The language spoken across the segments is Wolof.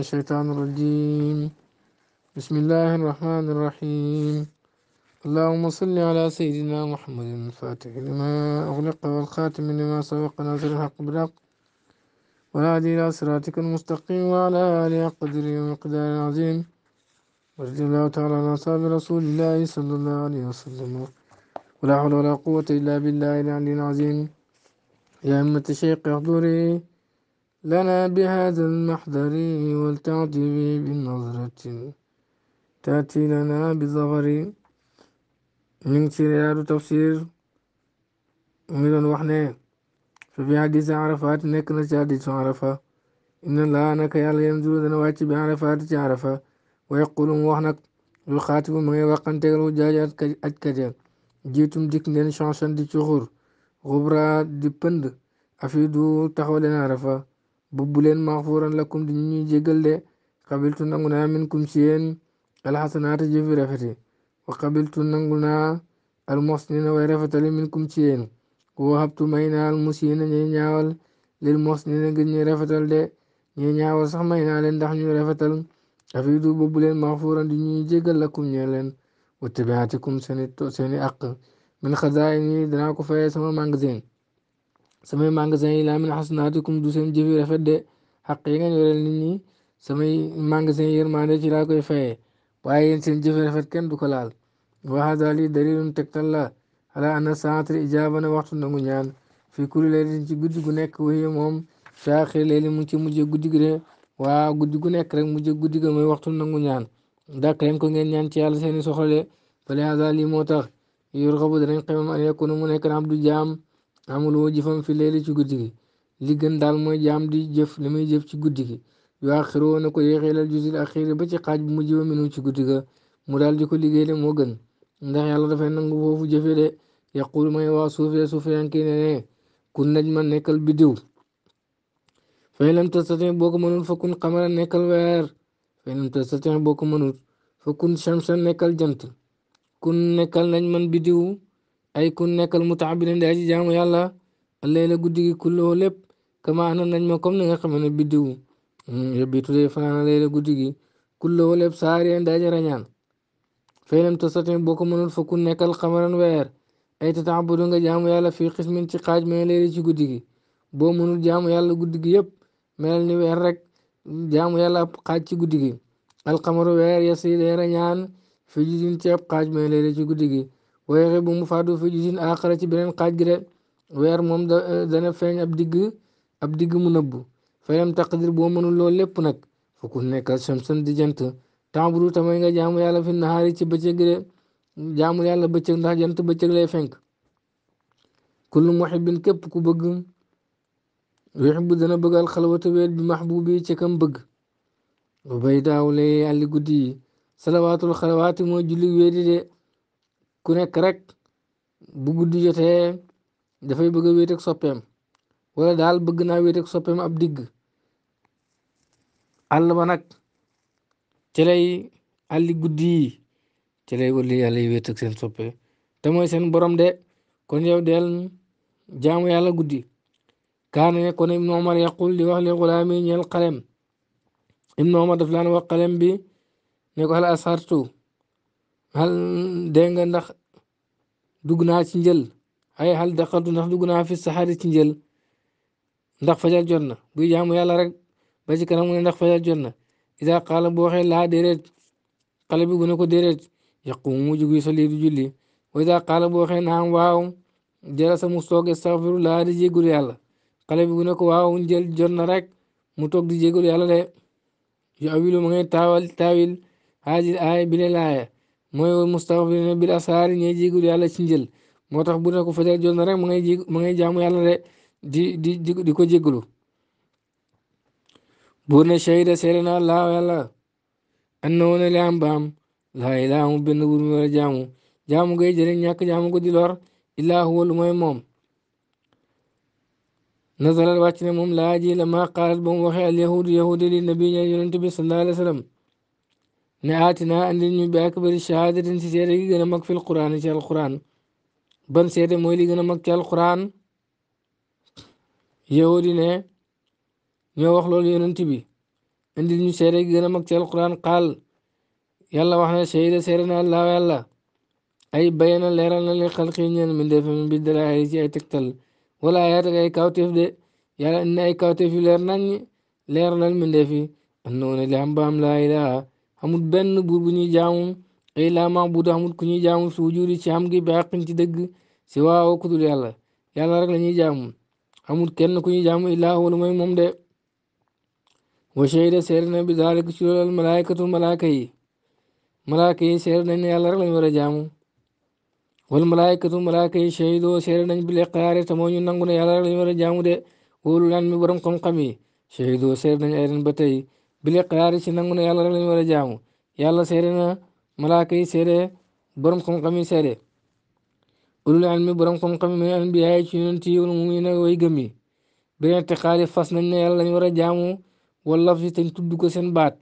من الشيطان الرجيم بسم الله الرحمن الرحيم اللهم صل على سيدنا محمد الفاتح لما أغلق والخاتم لما سبق ناصر الحق بالحق والهادي إلى صراطك المستقيم وعلى آله قدر ومقدار عظيم ورضي الله تعالى على أصحاب رسول الله صلى الله عليه وسلم ولا حول ولا قوة إلا بالله العلي العظيم يا أمة الشيخ احضري لنا بهذا المحضر والتعجب بنظرة تأتي لنا بظفر من سيرار تفسير من وحنا ففي حديث عرفات نكنا حديث عرفة إن الله أنك يلا ينزل ذنوات بعرفات عرفة ويقول وحنا يخاطب من يوقن تغلو جاج أتكجا جيتم ديك نين شانشان دي شغور غبرا دي بند أفيدو تحول عرفة bubbu leen maxfuuran lakum di ñuy jégal de qabiltu nangu naa minkum ci yéen alxasanaata jëfi rafete wa qabiltu nangu naa almoxsinina way rafetale minkum ci yéen wa habtu may naa almusina ñuy ñaawal lil moxsinina ngir ñuy rafetal de ñuy ñaawal sax may naa leen ndax ñuy rafetal afidu bubbu leen maxfuuran di ñuy jégal lakum ñeen leen wa tabiatikum seeni seeni aq min xasaayini danaa ko fayee sama magasin samay magasin yi laa min xasanaatikum du seen jëf yu rafet de xaq yi ngeen yoreel nit ñi samay magasin yi yërmande ci laa koy fayee waaye yéen seen jëf yu rafet kenn du ko laal wa hada li dalilun tegtal la ala anna saatir ijaaba na waxtu nangu ñaan fii kulli laylatin ci guddi gu nekk wéy moom saaxir leeli mu ci mujj guddi gi waa guddi gu nekk rek mujj guddi ga mooy waxtu nangu ñaan dàkk leen ko ngeen ñaan ci yàlla seeni soxla de fali hada lii moo tax yor xabu danañ xamam an yakuna mu nekk abdu jaam amaloo jëfam fi leeli ci guddi gi li gën daal mooy jaam di jëf li muy jëf ci guddi gi yu axiroo na ko yéexeelal jusil axiri ba ci xaaj bu mujj ba minu ci guddi ga mu daal di ko liggéey de moo gën ndax yàlla dafay nangu foofu jëfe de yaqul may waa suufee suufiyanki ne ne kun ma nekkal biddiw fay lam tastatin boo ko mënul fakkun xamara nekkal weer fay lam tastatin boo ko mënul fakkun shamsa nekkal jant kun nekkal naj man ay kun nekkal mutaabidan di aji jaamu yàlla allayla guddi gi kulloo lépp kama ana nañ comme ni nga xam ne biddiw hmm, yóbbitu day fanaan allayla guddi gi kulloo lépp saareen di aji rañaan fay lam tasatin boo ko mënul fa kun nekkal xamaran weer ay tataabudu nga jaamu yàlla fii xismin ci xaaj mais léegi ci guddi gi boo mënul jaamu yàlla guddi gi yëpp melal ni weer rek jaamu yàlla xaaj ci guddi gi alxamaru weer yasi day rañaan fii ab xaaj mais léegi ci guddi gi waaye bu mu faatu fi gisin aaxara ci beneen xaaj gi de weer moom dana feeñ ab digg ab digg mu nëbbu fayam taqdir boo mënul loolu lépp nag fukk nekkal samsan di jant tàmburu tamay ga jaamu yàlla fi naxaari ci bëccëg de jaamu yàlla bëccëg ndax jant bëccëg lay fenk kullu muhibbin képp ku bëgg yuhibbu dana bëggal xalwata weet bi mahbubi ci kam bëgg bu bay daaw lay guddi salawaatul xalawaati mooy julli weedi de ku nekk rek bu guddi jotee dafay bëgg a soppeem wala daal bëgg naa wéet ak soppeem ab digg àll ba nag ci lay àlli guddi yi ci lay wali seen soppe te mooy seen borom de kon yow del jaamu yàlla guddi kaane ne kon ibnu omar yaqul di wax li xulaami ñeel xalem ibnu omar daf laan wax xalem bi ne ko al asartu hal dégg nga ndax dugg naa ci njël ay hal daxaltu ndax dugg naa fi saxaari ci njël ndax fajar jot na buy jaamu yàlla rek ba ci kanam mu ne ndax fajar jot na idaa boo waxee laa déedéet xale bi bu ko déedéet yaqumu mu jugu soli du julli wa idaa qaala boo waxee naam waaw jalasa mu toog astaghfirullah di jégalu yàlla xale bi bu ko waaw njël jot na rek mu toog di jégalu yàlla de yu awilu ma ngay taawal taawil haajil aaya mooy mustagfirina bil asaari ñooy jégalu yàlla ci njël moo tax bu ne ko fajar jot na ma ngay jég ma ngay jaamu yàlla de di di di ko jégalu buur ne shahida seede na laaw yàlla baam laa ilaa amul benn buur mi war jaamu jaamu ngay jëriñ ñàkk jaamu ko di lor illaa huwa lu mooy moom nazaral wàcc ne moom laa ji la maa qaalat ba mu waxee al yahudi yahudi li nabi ñe yonente bi sallallahu alayhi wa sallam نهاتنا أن لن بأكبر شهادة تسيري غنمك في القرآن شاء القرآن بان سيري مولي غنمك شاء القرآن يهودي نه نيو وخلو لينونتي بي أن لن سيري غنمك شاء القرآن قال يلا وحنا سيري سيرنا الله يلا أي بيانا ليرانا لخلقين ين من دفع من بدلا هايزي أي تكتل ولا ياتك أي كاوتف دي يلا إن أي كاوتف ليرنا ليرنا من دفع أنه نجام بام لا إله amul benn buur bu ñuy jaamu illaa maabuda amul ku ñuy jaamu su wujudi ci am gi bi àqin ci dëgg si waaw ku dul yàlla yàlla rek la ñuy jaamu amul kenn ku ñuy jaamu illaa wala mooy moom de wa shahida seer na bi daalik ci loolu al malaayikatu malaaka yi malaaka yi seer nañ ne yàlla rek lañ war a jaamu wal malaayikatu malaaka yi shahidoo seer nañ bi liqraari te moo ñu nangu ne yàlla rek lañ war a jaamu de wóolu naan mi borom xam-xam yi shahidoo seer nañ ay ba tey bi liqraar ci nangu ne yàlla rek lañu war a jaamu yàlla seede na malaaka yi seede borom xam-xam yi seede ulul ilmi borom xam-xam min anbiyaa ci yonent yi wal mu'miniina way gëm yi beneen te xaali fas nañ ne war a jaamu wala fi te tudd ko seen baat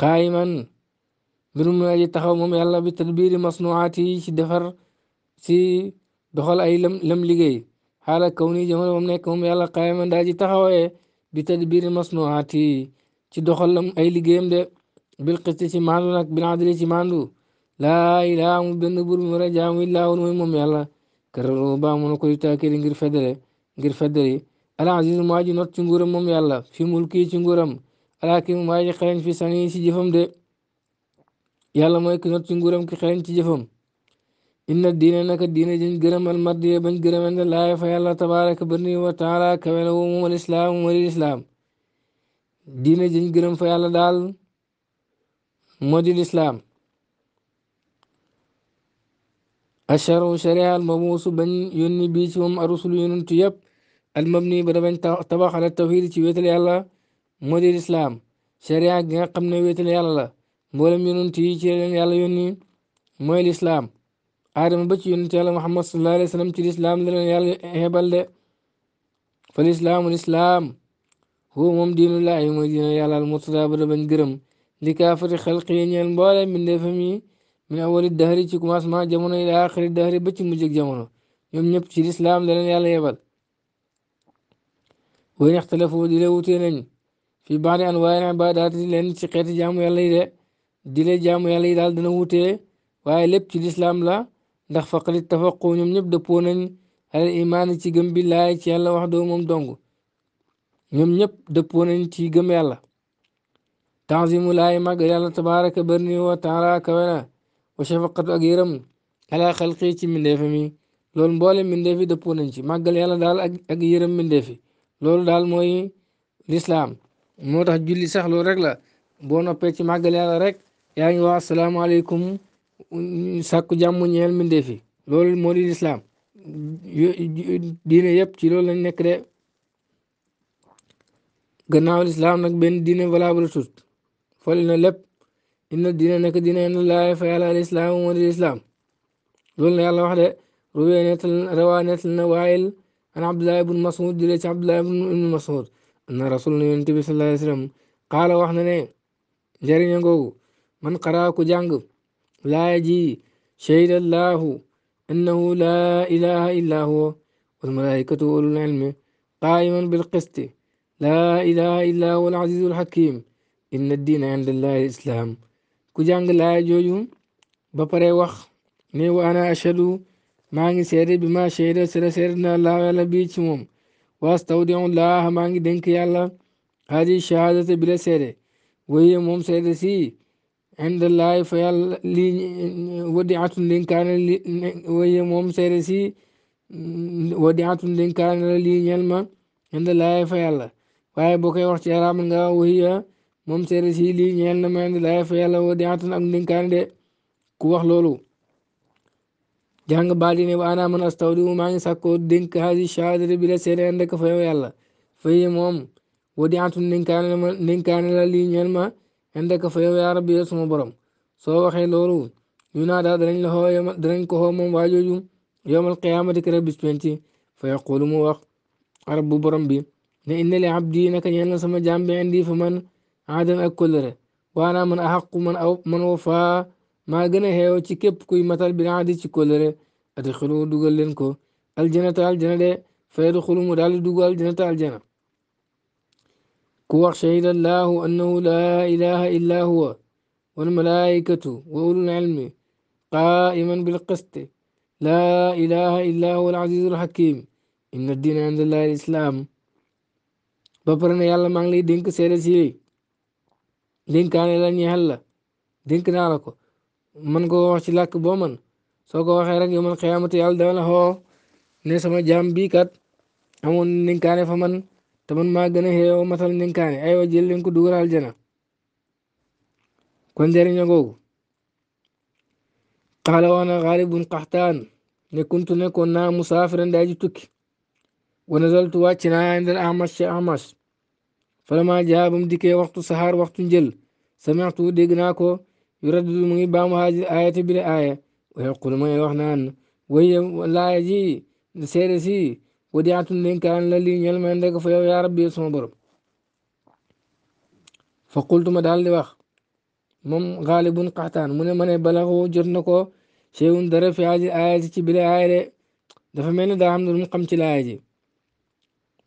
qaayiman mbirum mu aji taxaw moom yàlla bi tadbiiri masnuwaat ci defar ci doxal ay lam lam liggéey xaala kaw nii jamono moom qaayiman daa ji bi tadbiri masnuwaati ci doxalam ay liggéeyam de bil qisti ci maandu nag bil adli ci maandu laa ilaaha amul benn buur mu war a jaamu illaa woon mooy moom yàlla mu na koy taakiri ngir feddale ngir feddali al aziz maa ji not ci nguuram moom yàlla fi mulki ci nguuram al hakim maa ji xereñ fi sani ci jëfam de yàlla mooy ki not ci nguuram ki xereñ ci jëfam inna diina naka diina jin gërëmal mardiya bañ gërëmante laay fa yàlla tabaaraka barni wa taala kawe na woo moomal islaam moomal islaam diina jin gërëm fa yàlla daal moo di lislaam asharu sharia al mabuusu bañ yónni bii ci moom arusul yonentu yëpp al mabni ba dabañ tabax ala tawhid ci wéetal yàlla moo di lislaam sharia gi nga xam ne wéetal yàlla la mboolem yonent yi ci leen yàlla yónni mooy lislaam aadama ba ci yonent yàlla muhammad sallallahu alayhi wa sallam ci lislaam la leen yàlla xebal de fa lislaamu lislaam huwa moom diinullaahi mooy diina yàlla al murtada ba da bañ gërëm li kaafati xalqi yi ñeel mboole mbindeefam yi min awali dahri ci commencement jamono yi ila axiri dahri ba ci mujj ak jamono ñoom ñëpp ci lislaam la leen yàlla yebal way ixtalafu di la wutee nañ fi baadi anwaay ibaadaat yi leen ci xeeti jaamu yàlla yi de di la jaamu yàlla yi daal dana wutee waaye lépp ci lislaam la ndax faqad ittafaqu ñoom ñëpp dëppoo nañ al ci gëm bi laay ci yàlla wax doo moom dong ñoom ñëpp dëppoo nañ ci gëm yàlla tanzimu laay màgg yàlla tabaraka barni wa taala kawena wa shafaqatu ak yërëm ala xalqi ci mindeefe mi loolu mboole mindeef yi dëppoo nañ ci màggal yàlla daal ak ak yërëm mindeef daal mooy lislaam moo tax julli sax lool rek la boo noppee ci màggal yàlla rek yaa ngi wax asalaamaaleykum sàkku jàmm ñeel mbindéef yi loolu moo di lislaam diine yëpp ci loolu lañ nekk de gannaaw lislaam nag benn diine valable tut fali na lépp inna diine nekk diine na laa fa yàlla alislaam moo di lislaam loolu la yàlla wax de ruwe netal rawaa netal na waayil an abdullah ibn masud jëlee ci abdullah ibn masud na rasul na yonent bi sallallahu alayhi ne njëriñ googu man xaraa ku jàng لا يجي شيء الله أنه لا إله إلا هو والملائكة أولو العلم قائما بالقسط لا إله إلا هو العزيز الحكيم إن الدين عند الله الإسلام كجانغ لا جوجو ببري وخ ني وأنا أشهد maa ngi بما شهد ma سيرنا لا ولا na laa الله bii ci moom wastawdiu laaha maa ngi dénk yàlla hadi shahadata bi indallaahi mm, fa yàlla lii wadiatun dénkaane li waye la lii ñel ma indallaahi fa yàlla koy wax ci arab nga wahiya moom lii ñeel na ma indallaahi fa ku wax loolu jàng baal ba ana man astawdi maa ngi sàkkoo dénk haadi shahadati bi la seede ànd ak fa yow yàlla faye moom wadiatun dénkaane la lii ñel عندك فيوم يا ربي يسمى برم صوبة خير لورو ينادى درين له يوم درين كهومم واجوجو يوم القيامة ذكر بسبنتي فيقول موق رب برم بي لإن لعبدي نك ينا سما جنب عندي فمن عاد أكل ره وأنا من أحق من أو من وفاء ما جنا هيو تكيب كوي مثل بين عادي تكل ره أدخلوا دوغلينكو الجنة الجنة ده فيدخلوا مدال دوغل الجنة الجنة, الجنة, الجنة, الجنة, الجنة, الجنة, الجنة, الجنة كوخ شهد الله أنه لا إله إلا هو والملائكة وأولو العلم قائما بالقسط لا إله إلا هو العزيز الحكيم إن الدين عند الله الإسلام بابرنا يالا مانغلي دينك سيرة سيلي دينك أنا لا نيهلا دينك نالكو من ko وحش ci làkk boo man soo ko waxee rek yow man xiyaamatu yàlla dama la xoo ne te man maa gën a xeewoo matal ndénkaane aywa jël leen ko dugal aljana kon njëriña googu qaala wax na xaalibun qaxtaan ne kuntu nekkoon naa musaafiran daa ji tukki wa nazaltu wàcc naa indal ahmas ci ahmas falamaa jaa waxtu saxaar waxtu njël samextu dégg naa ko yu raddu mu ngi baamu haaji ayata bi la aaya wa yaqul may wax si wadiatun ndénkaan la lii ñel may ndek fa yaa rabbi sama borom fa qultuma daal di wax moom xaalibun qaxtaan mu ne ma ne jot na ko cheyun dara fi aji aaya ji ci dafa mel ni daa xam ne lu mu xam ci laaya ji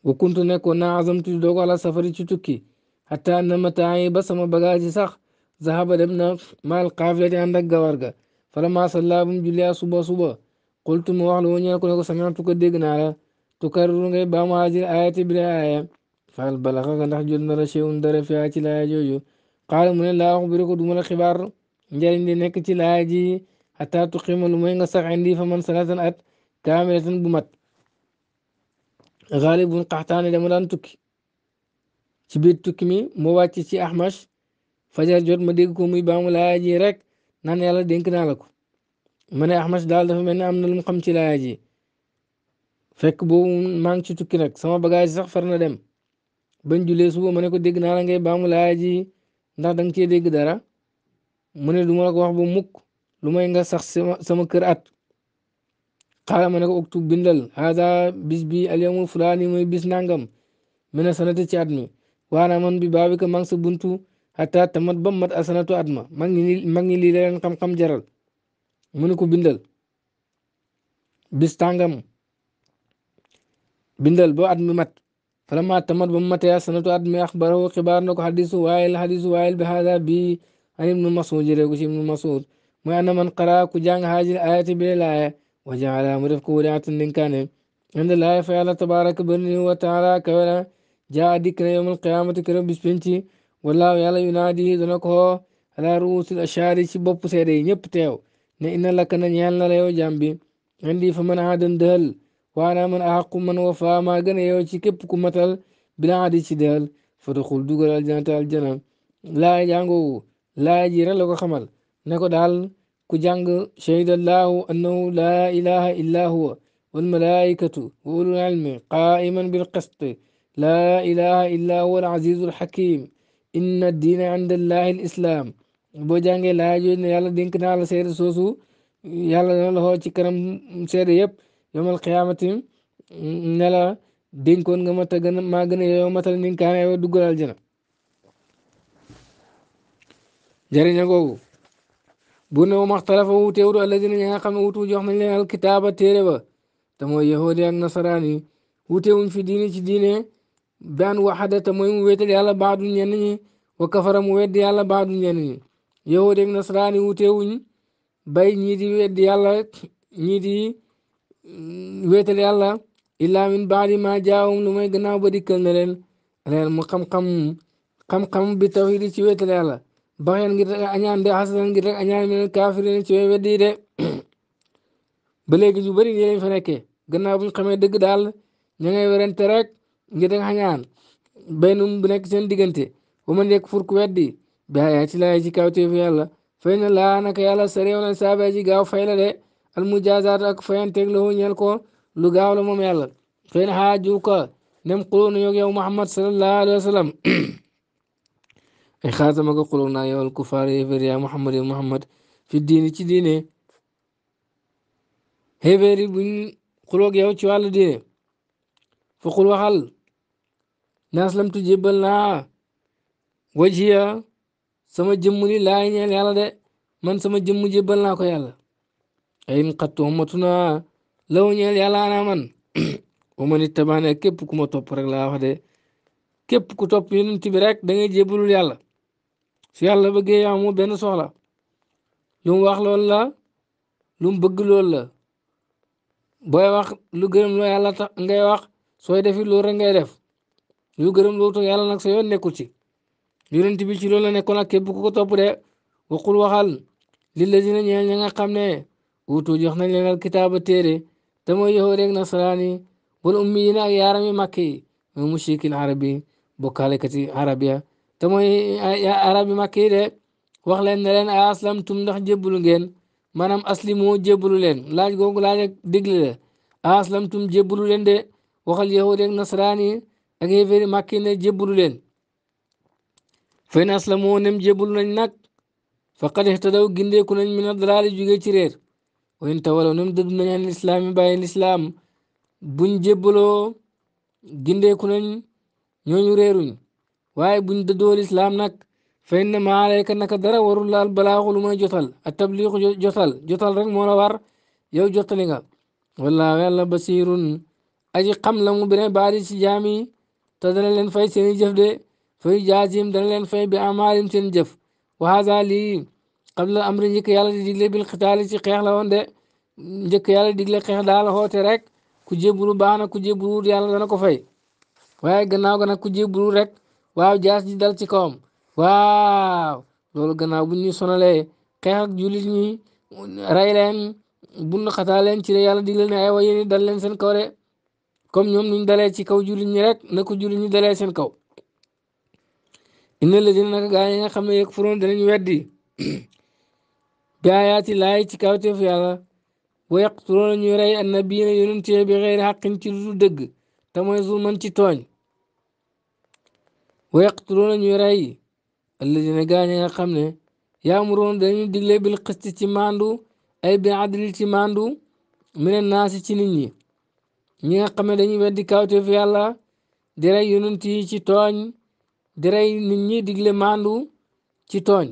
wa azamtu di ala safari ci tukki xataa na mataayi ba sama bagage sax zahaba dem na maal qaafilati ànd ak gawar ga fala ma salla bu mu suba suba qultu mu wax la woon ko ne ko sami'tu تكرر بما هذه الآية بلا آية فهل بلغك نحجر نرى شيء در في آية الآية جوجو قال من لا أخبرك دون الخبار جارين دي نكتي الآية جي حتى تقيم المين غصر عندي فمن سنة أت كاملة بمت غالب قحتان لم تكي تبيت تكمي مواتي سي أحمش فجر جور مديك كومي بام الآية جي رك نان يالا دينك نالكو من أحمش دال دفع من أمن المقام تلاجي fekk boobu maa ngi ci tukki nag sama bagage sax far na dem bañ julee suba ma ne ko dégg naa la ngay baamu laaya ji ndax da nga cee dégg dara mu ne du ma wax ba mukk lu may nga sax sama sama kër at xaaral ma ne ko uktub bindal haada bis bi alyawmul fulaani mooy bis nangam mina sanati ci at mi waana bi baabi ka maa ngi sa buntu hatta tamat ba mat asanatu at ma mag ñi mag ñi lii la leen xam jaral mu ne ko bindal bis tàngam. بندل بعد ممت فلما تمر بمت يا سنة أدم أخبره خبار نك حديث وائل حديث وائل بهذا بي أن ابن مسعود جريك ابن مسعود ما أنا من قرأ كجان هذه الآية بلا لاية وجعل مرف كورعة كان عند الله فعل تبارك بني وتعالى كولا جاء ذكر يوم القيامة كرب بسبنتي والله يلا ينادي ذنك هو على رؤوس الأشعار شبب سيري نبتعو نئن لك نيان لا جنبي عندي فمن عاد دهل waanaa man axaqu man wafa maa gën a yow ci képp ku matal bila adi ci dal fadaxul dugal aljanata aljana laa jàngoowu laa ji rek la ko xamal ne ko daal ku jàng shahidallahu annahu laa ilaha illa huwa wal malaikatu wa ulul ilmi qaiman bil qist laa ilaha illa huwa al azizul hakim inna diina inda allahi al islam boo jàngee laa jooju ne yàlla dénk naa la seede soosu yàlla na la xoo ci kanam seede yëpp yawmal qiyaamati ne la dénkoon nga mat a gën maa gën a yow matal ni nga yow duggal aljana jëriñ googu bu ne wu maxtalafa wuuteewutu allazina ñi nga xam ne wuutu jox nañ leen alkitaaba ba te mooy yahudi ak nasaraan yi wuuteewuñ fi diine ci diine baan waxada te mooy mu wéetal yàlla baadu ñenn ñi wa kafara mu weddi yàlla baadu ñenn ñi yahudi ak nasaraan yi bay ñii di weddi yàlla Hm, wéetal yàlla illaa min baadi ma jaawum lu may gannaaw ba dikkal na leen leen mu xam-xam xam-xam bi tawhid ci wéetal yàlla baxeen ngir rek añaan de xasanan ngir rek añaan menen kaafirin ci way weddi de ba léegi ñu bëri ñi lañ fa nekkee gannaaw buñ xamee dëgg daal ña ngay werante rek ngir rek añaan baynum bu nekk seen diggante bu ma nekk furk weddi bi ayaati laa ci kaw teefu yàlla fay na laa naka yàlla sareew na la almujaazaat ak fayanteeg la ñeel ko lu gaaw la moom yàlla feen xaaju ko nem xuloo na yow Muhammad sallallahu alayhi wa ay xaatama ko xuloo naa yow alkufaar yéeféer yaa Muhammad yow Muhammad fi diini ci diine xéeféer yi buñ xuloog yow ci diine fa xul waxal ne aslamtu jébbal naa wajiya sama jëmm sama jëmm jébbal naa ko yàlla in xattu ummatuna law ñeel yàlla man waman ittabaana képp ku ma topp rek laa képp ku topp yonent bi rek da ngay jébalul yàlla su yàlla bëggee yaa mu benn soxla lu mu wax loolu la lu mu bëgg loolu la booy wax lu gërëm loo yàlla tax ngay wax soo defi loolu rek ngay def lu gërëm loo tax yàlla nag sa yoon nekkul ci yonent bi ci loolu la nekkoon ak képp ko topp de waxul waxal lillazina ñeel ña nga xam ne uutu jox nañ leen al kitaaba téere te mooy yahud ak nasaraani wal ummiyiin ak yaarami màkk yi mooy mushrikin arab yi bokkaalekati arab ya te mooy arabi màkk yi de wax leen ne leen a aslamtum ndax jébbalu ngeen maanaam aslimu jébbalu leen laaj googu laaj ak digle la a aslamtum jébbalu leen de waxal yahud ak nasaraani ak yéeféeri màkk yi ne jébbalu leen fayn aslamu nem jébbalu nañ nag faqad ihtadaw gindeeku nañ min adalaali jógee ci réer وانت ولو نمد من الاسلام باي الاسلام بن جبلو جندي كونن نيو ريرون واي بن ددو الاسلام نك فان ما عليك انك درا ور الله البلاغ لما جوتال التبليغ جوتال جوتال رك مولا وار يو جوتليغا والله يلا بصير اجي قم لم بن بارس جامي تدن لن فاي سين جف دي فاي جازيم دن لن فاي باعمال سين جف وهذا لي qabla amri njëkk yàlla di digle bil xitaali ci xeex la woon de njëkk yàlla digle xeex daal xoote rek ku jébbulu baax na ku jébbulu yàlla dana ko fay waaye gannaaw ga nag ku jébbulu rek waaw jaas ji dal ci kaw waaw loolu gannaaw bu ñu sonalee xeex ak ñi rey leen bun xataa leen ci yàlla digle ne ay wa yéen dal leen seen kaw de comme ñoom nuñ ci kaw jullit ñi rek na ko jullit ñi dalee seen kaw inna la dina naka gaa yi nga xam ne yëg furoon danañ weddi biayaati laayi ci kawteefu yàlla wa yaqtuluuna ñu rey annabiina yonent yi bi xeyri xaqin ci lu dul dëgg te mooy zulman ci tooñ wa yaqtuluuna ñu rey alladina gaañ nga xam ne yaamuroon dañuy digle bil xisti ci maandu ay bi adli ci maandu mine naasi ci nit ñi ñi nga xam ne dañuy weddi kawteefu yàlla di rey yonent yi ci tooñ di rey ñi digle maandu ci tooñ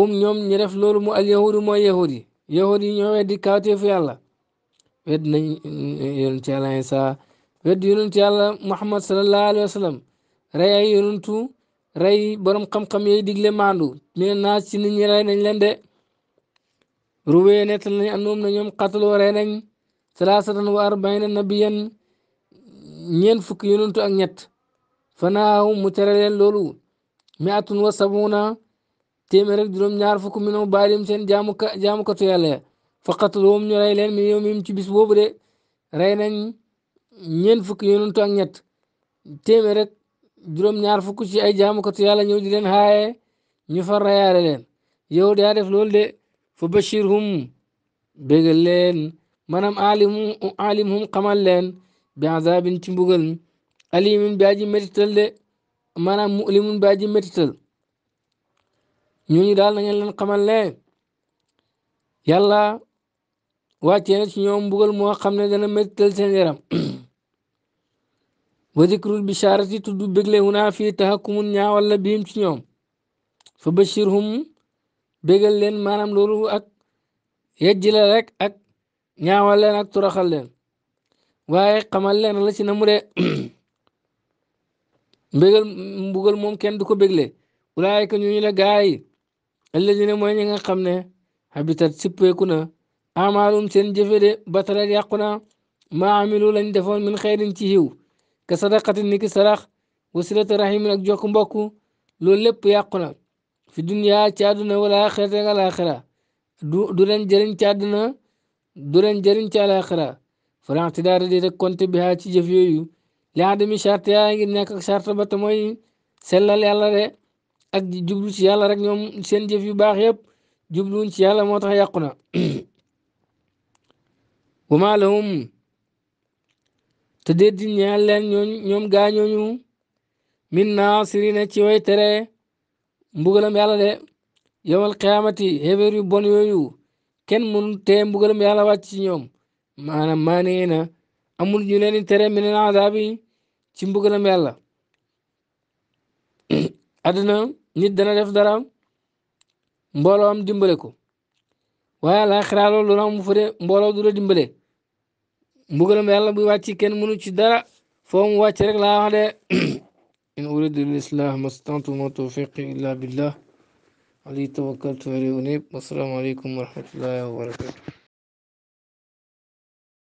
هم نيوم نيرف لول مو اليهود مو يهودي يهودي نيوم دي كاتيو في الله ود يونت الله عيسى ود يونت الله محمد صلى الله عليه وسلم راي يونتو راي بروم خم خم يي ديغلي ماندو مي ناس سي نيت راي نان لاندي روي نيت لاني انوم نيوم قتلوا راي نان 43 نبيا نين فك يونتو اك نيت فناهم مترلين لولو 170 téeméer ak juróom-ñaar fukk mi noonu baalim seen jaamu ka jaamukatu yàlla ya faqat loom ñu rey leen mi yow mi ci bis boobu de rey nañ ñeent fukki yonantu ak ñett téeméer ak juróom-ñaar fukk ci ay jaamukatu yàlla ñëw di leen xaaye ñu far reyaale leen yow daa def loolu de fa bashirhum bégal leen maanaam aalimu aalimhum xamal leen bi azaabin ci mbugal alimin bi aji métital de maanaam mulimun bi aji métital ñooñu daal na ngeen leen xamal ne yàlla wàccee na ci ñoom mbugal moo xam ne dana méttal seen yaram wa dikrul bisharati tudd bégle huna fii tahakkumun ñaawal la biim ci ñoom fa bashirhum bégal leen maanaam loolu ak yejji la rek ak ñaawal leen ak turaxal leen waaye xamal leen la ci na mu de mbégal mbugal moom kenn du ko bégle ulaayka ñooñu la alladina mooy ñi nga xam ne habitat sippeeku na a amaalum seen jëfe de batalat yàqu na maa amilu lañ defoon min xeyrin ci xiw ka sadaqati niki sarax wasilata rahimin ak jokk mbokk loolu lépp yàqu na fi duniya ci àdduna wala axirate ak alaxira du du leen jëriñ ci àdduna du leen jëriñ ci alaxira faranti daara di rek compte bi ci jëf yooyu li adami charte yaa ngi nekk ak charte ba sellal yàlla de ak jublu ci yàlla rek ñoom seen jëf yu baax yëpp jublu ci yàlla moo tax yàqu na wa maa lahum te déet di ñeel leen ñooñ ñoom gaañooñu min naasirina ci way tere mbugalam yàlla de yowal qiyaamati xéeféer yu bon yooyu kenn mënu tee mbugalam yàlla wàcc ci ñoom maanaam maanee na amul ñu leen di tere min ci mbugalam yàlla àdduna nit dana def dara mbooloo am dimbale ko waaye àllaaxira loolu am mu fëre mbooloo du la dimbale mbugalam yàlla buy wàcc kenn mënu ci dara foo mu wàcc rek laa wax de in uridu lislah mastantu ma tawfiqi illa billah alayhi tawakkaltu wa ilayhi unib wassalaamu aleykum wa rahmatullahi wa barakatuh